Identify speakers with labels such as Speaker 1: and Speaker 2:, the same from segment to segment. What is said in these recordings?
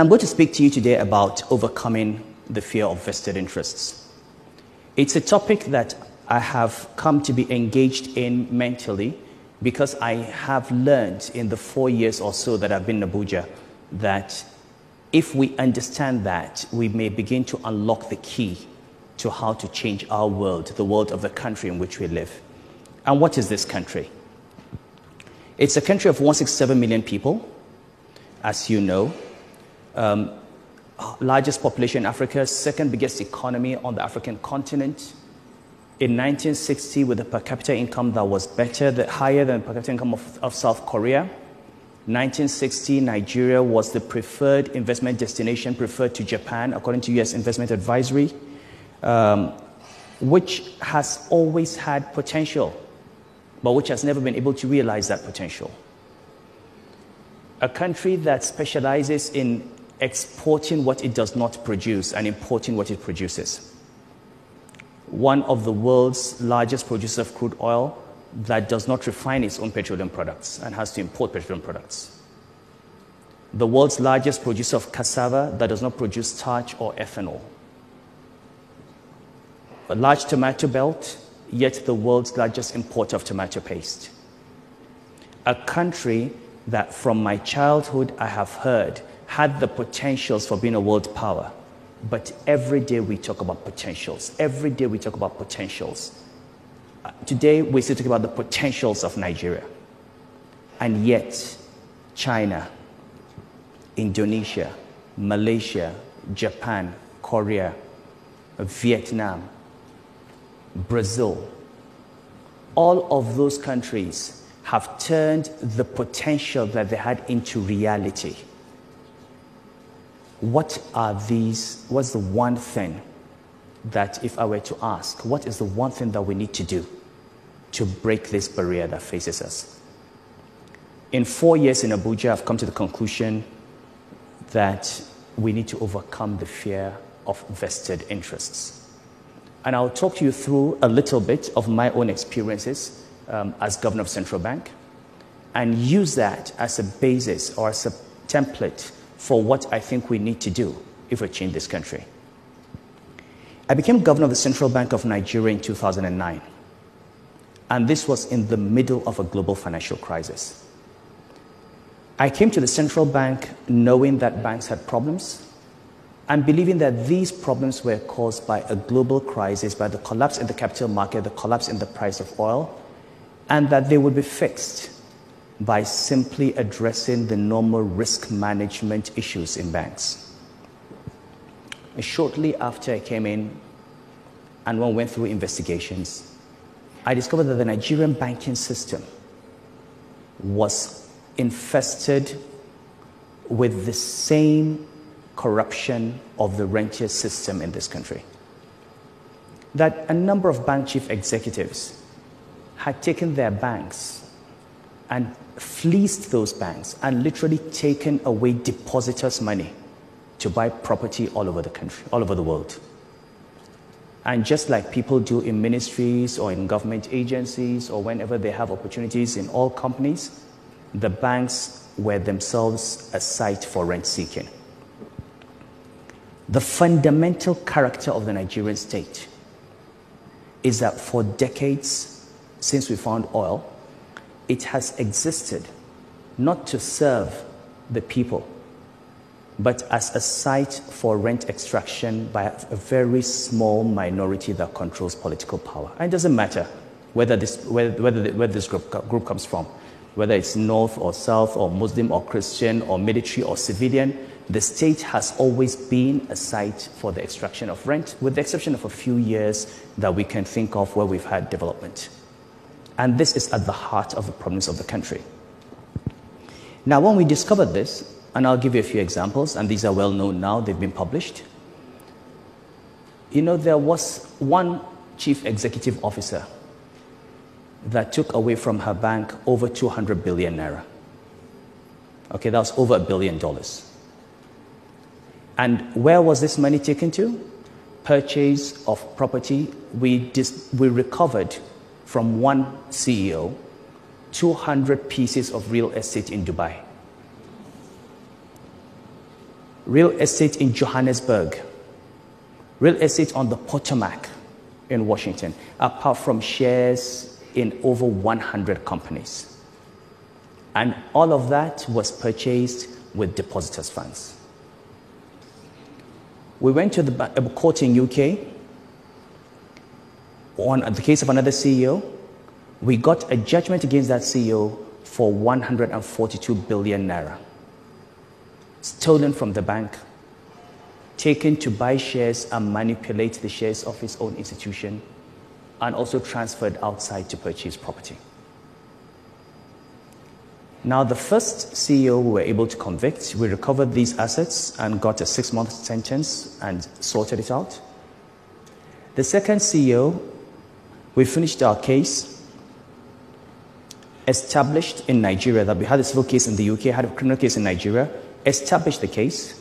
Speaker 1: I'm going to speak to you today about overcoming the fear of vested interests. It's a topic that I have come to be engaged in mentally because I have learned in the four years or so that I've been in Abuja that if we understand that, we may begin to unlock the key to how to change our world, the world of the country in which we live. And what is this country? It's a country of 167 million people, as you know um, largest population in Africa, second biggest economy on the African continent. In 1960, with a per capita income that was better, that higher than per capita income of, of South Korea. 1960, Nigeria was the preferred investment destination, preferred to Japan, according to U.S. Investment Advisory, um, which has always had potential, but which has never been able to realize that potential. A country that specializes in exporting what it does not produce and importing what it produces. One of the world's largest producers of crude oil that does not refine its own petroleum products and has to import petroleum products. The world's largest producer of cassava that does not produce starch or ethanol. A large tomato belt, yet the world's largest importer of tomato paste. A country that from my childhood I have heard had the potentials for being a world power. But every day we talk about potentials. Every day we talk about potentials. Uh, today we still talk about the potentials of Nigeria. And yet, China, Indonesia, Malaysia, Japan, Korea, Vietnam, Brazil, all of those countries have turned the potential that they had into reality what are these, what's the one thing that if I were to ask, what is the one thing that we need to do to break this barrier that faces us? In four years in Abuja, I've come to the conclusion that we need to overcome the fear of vested interests. And I'll talk to you through a little bit of my own experiences um, as governor of central bank and use that as a basis or as a template for what I think we need to do if we change this country. I became governor of the Central Bank of Nigeria in 2009, and this was in the middle of a global financial crisis. I came to the central bank knowing that banks had problems and believing that these problems were caused by a global crisis, by the collapse in the capital market, the collapse in the price of oil, and that they would be fixed by simply addressing the normal risk management issues in banks. Shortly after I came in and one went through investigations, I discovered that the Nigerian banking system was infested with the same corruption of the rentier system in this country. That a number of bank chief executives had taken their banks and fleeced those banks and literally taken away depositors' money to buy property all over the country, all over the world. And just like people do in ministries or in government agencies or whenever they have opportunities in all companies, the banks were themselves a site for rent seeking. The fundamental character of the Nigerian state is that for decades since we found oil, it has existed not to serve the people, but as a site for rent extraction by a very small minority that controls political power. And it doesn't matter whether this, whether, whether, the, where this group, group comes from, whether it's North or South or Muslim or Christian or military or civilian, the state has always been a site for the extraction of rent, with the exception of a few years that we can think of where we've had development. And this is at the heart of the problems of the country. Now, when we discovered this, and I'll give you a few examples, and these are well known now, they've been published. You know, there was one chief executive officer that took away from her bank over 200 billion naira. Okay, that was over a billion dollars. And where was this money taken to? Purchase of property. We, dis- we recovered from one CEO 200 pieces of real estate in Dubai, real estate in Johannesburg, real estate on the Potomac in Washington, apart from shares in over 100 companies. And all of that was purchased with depositors' funds. We went to the court in UK on the case of another CEO, we got a judgment against that CEO for 142 billion naira, stolen from the bank, taken to buy shares and manipulate the shares of his own institution, and also transferred outside to purchase property. Now, the first CEO we were able to convict, we recovered these assets and got a six month sentence and sorted it out. The second CEO we finished our case, established in Nigeria that we had a civil case in the UK, had a criminal case in Nigeria, established the case.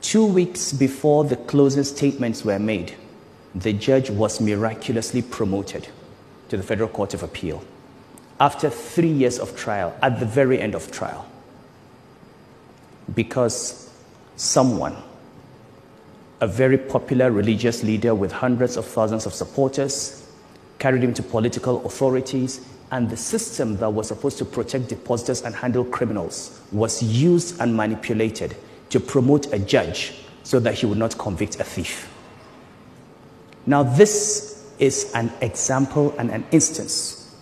Speaker 1: Two weeks before the closing statements were made, the judge was miraculously promoted to the Federal Court of Appeal after three years of trial, at the very end of trial, because someone, a very popular religious leader with hundreds of thousands of supporters, carried him to political authorities, and the system that was supposed to protect depositors and handle criminals was used and manipulated to promote a judge so that he would not convict a thief. Now, this is an example and an instance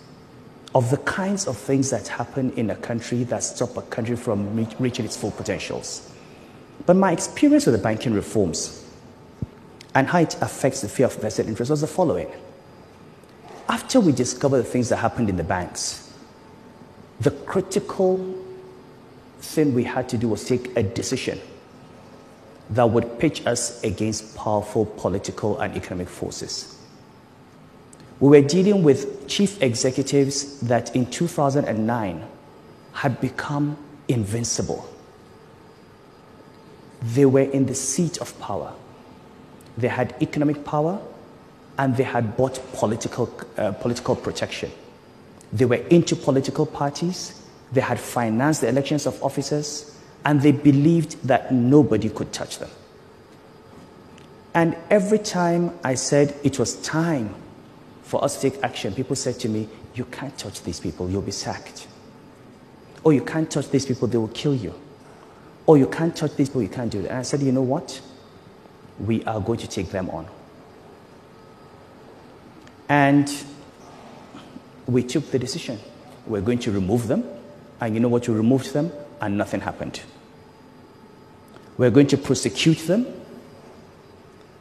Speaker 1: of the kinds of things that happen in a country that stop a country from reaching its full potentials. But my experience with the banking reforms and how it affects the fear of vested interest was the following after we discover the things that happened in the banks, the critical thing we had to do was take a decision that would pitch us against powerful political and economic forces. We were dealing with chief executives that in 2009 had become invincible. They were in the seat of power. They had economic power, and they had bought political, uh, political protection. They were into political parties, they had financed the elections of officers, and they believed that nobody could touch them. And every time I said it was time for us to take action, people said to me, You can't touch these people, you'll be sacked. Or oh, you can't touch these people, they will kill you. Or oh, you can't touch these people, you can't do it." And I said, You know what? We are going to take them on. And we took the decision. We're going to remove them. And you know what? We removed them, and nothing happened. We're going to prosecute them.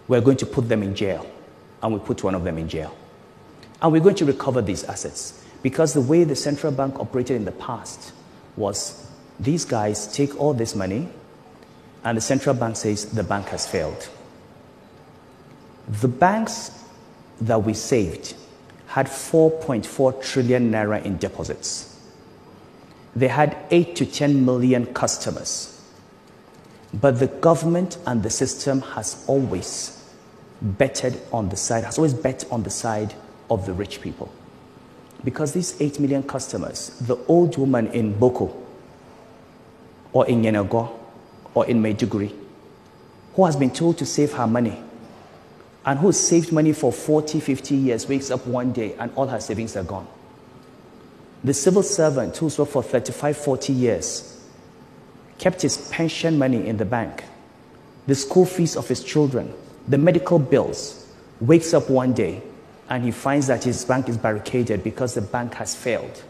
Speaker 1: We're going to put them in jail. And we put one of them in jail. And we're going to recover these assets. Because the way the central bank operated in the past was these guys take all this money, and the central bank says the bank has failed. The banks that we saved had 4.4 trillion naira in deposits. They had 8 to 10 million customers. But the government and the system has always betted on the side, has always bet on the side of the rich people. Because these 8 million customers, the old woman in Boko, or in Yenago, or in Maiduguri, who has been told to save her money and who saved money for 40, 50 years wakes up one day and all her savings are gone. The civil servant who's worked for 35, 40 years kept his pension money in the bank, the school fees of his children, the medical bills, wakes up one day and he finds that his bank is barricaded because the bank has failed.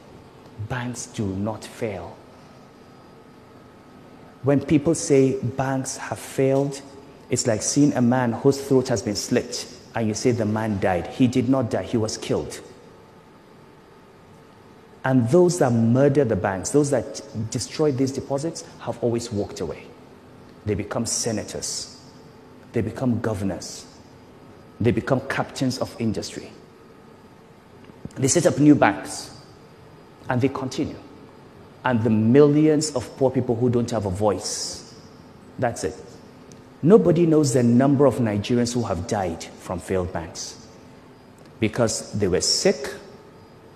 Speaker 1: Banks do not fail. When people say banks have failed, it's like seeing a man whose throat has been slit and you say the man died. He did not die, he was killed. And those that murder the banks, those that destroy these deposits, have always walked away. They become senators, they become governors, they become captains of industry. They set up new banks and they continue. And the millions of poor people who don't have a voice, that's it. Nobody knows the number of Nigerians who have died from failed banks because they were sick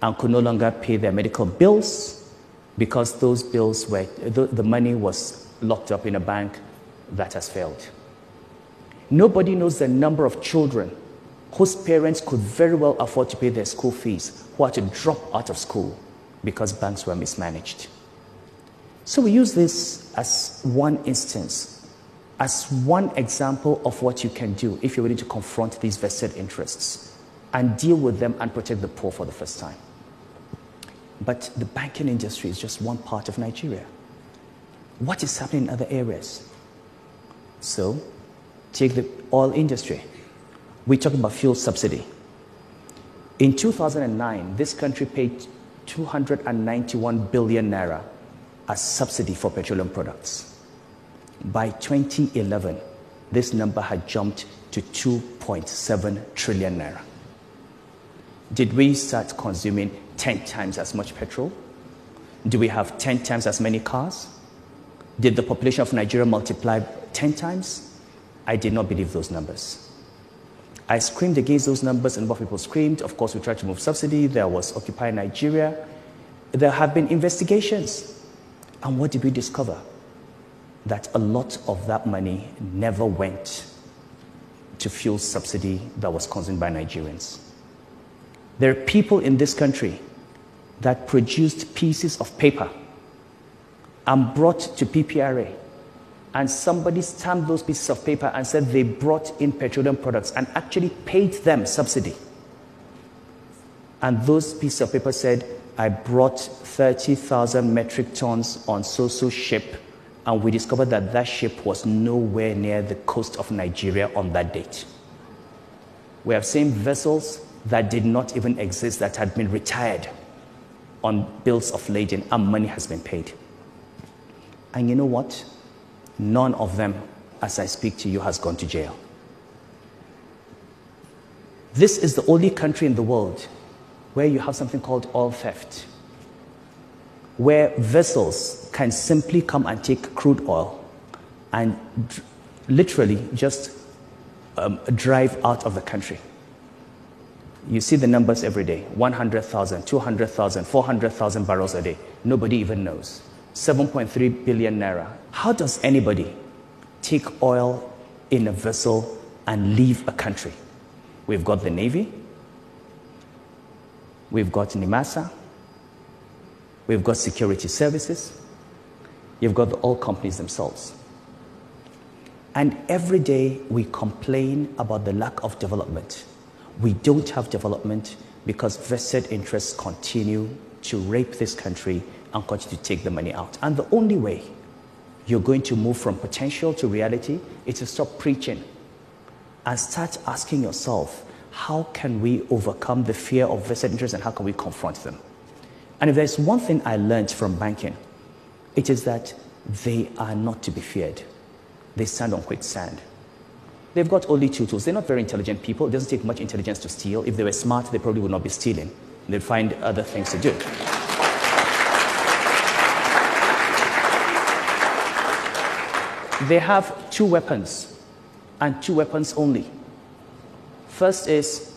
Speaker 1: and could no longer pay their medical bills because those bills were, the, the money was locked up in a bank that has failed. Nobody knows the number of children whose parents could very well afford to pay their school fees who had to drop out of school because banks were mismanaged. So we use this as one instance as one example of what you can do if you're willing to confront these vested interests and deal with them and protect the poor for the first time. But the banking industry is just one part of Nigeria. What is happening in other areas? So, take the oil industry. We're talking about fuel subsidy. In 2009, this country paid 291 billion naira as subsidy for petroleum products. By 2011, this number had jumped to 2.7 trillion naira. Did we start consuming 10 times as much petrol? Do we have 10 times as many cars? Did the population of Nigeria multiply 10 times? I did not believe those numbers. I screamed against those numbers, and what people screamed. Of course, we tried to move subsidy. There was Occupy Nigeria. There have been investigations. And what did we discover? that a lot of that money never went to fuel subsidy that was consumed by Nigerians. There are people in this country that produced pieces of paper and brought to PPRA. And somebody stamped those pieces of paper and said they brought in petroleum products and actually paid them subsidy. And those pieces of paper said, I brought 30,000 metric tons on so so ship and we discovered that that ship was nowhere near the coast of Nigeria on that date. We have seen vessels that did not even exist that had been retired on bills of lading and money has been paid. And you know what? None of them, as I speak to you, has gone to jail. This is the only country in the world where you have something called oil theft where vessels can simply come and take crude oil and literally just um, drive out of the country. You see the numbers every day 100,000, 200,000, 400,000 barrels a day. Nobody even knows. 7.3 billion naira. How does anybody take oil in a vessel and leave a country? We've got the Navy, we've got NIMASA, We've got security services. You've got the oil companies themselves. And every day we complain about the lack of development. We don't have development because vested interests continue to rape this country and continue to take the money out. And the only way you're going to move from potential to reality is to stop preaching and start asking yourself, how can we overcome the fear of vested interests and how can we confront them? And if there's one thing I learned from banking, it is that they are not to be feared. They stand on quicksand. They've got only two tools. They're not very intelligent people. It doesn't take much intelligence to steal. If they were smart, they probably would not be stealing. They'd find other things to do. They have two weapons, and two weapons only. First is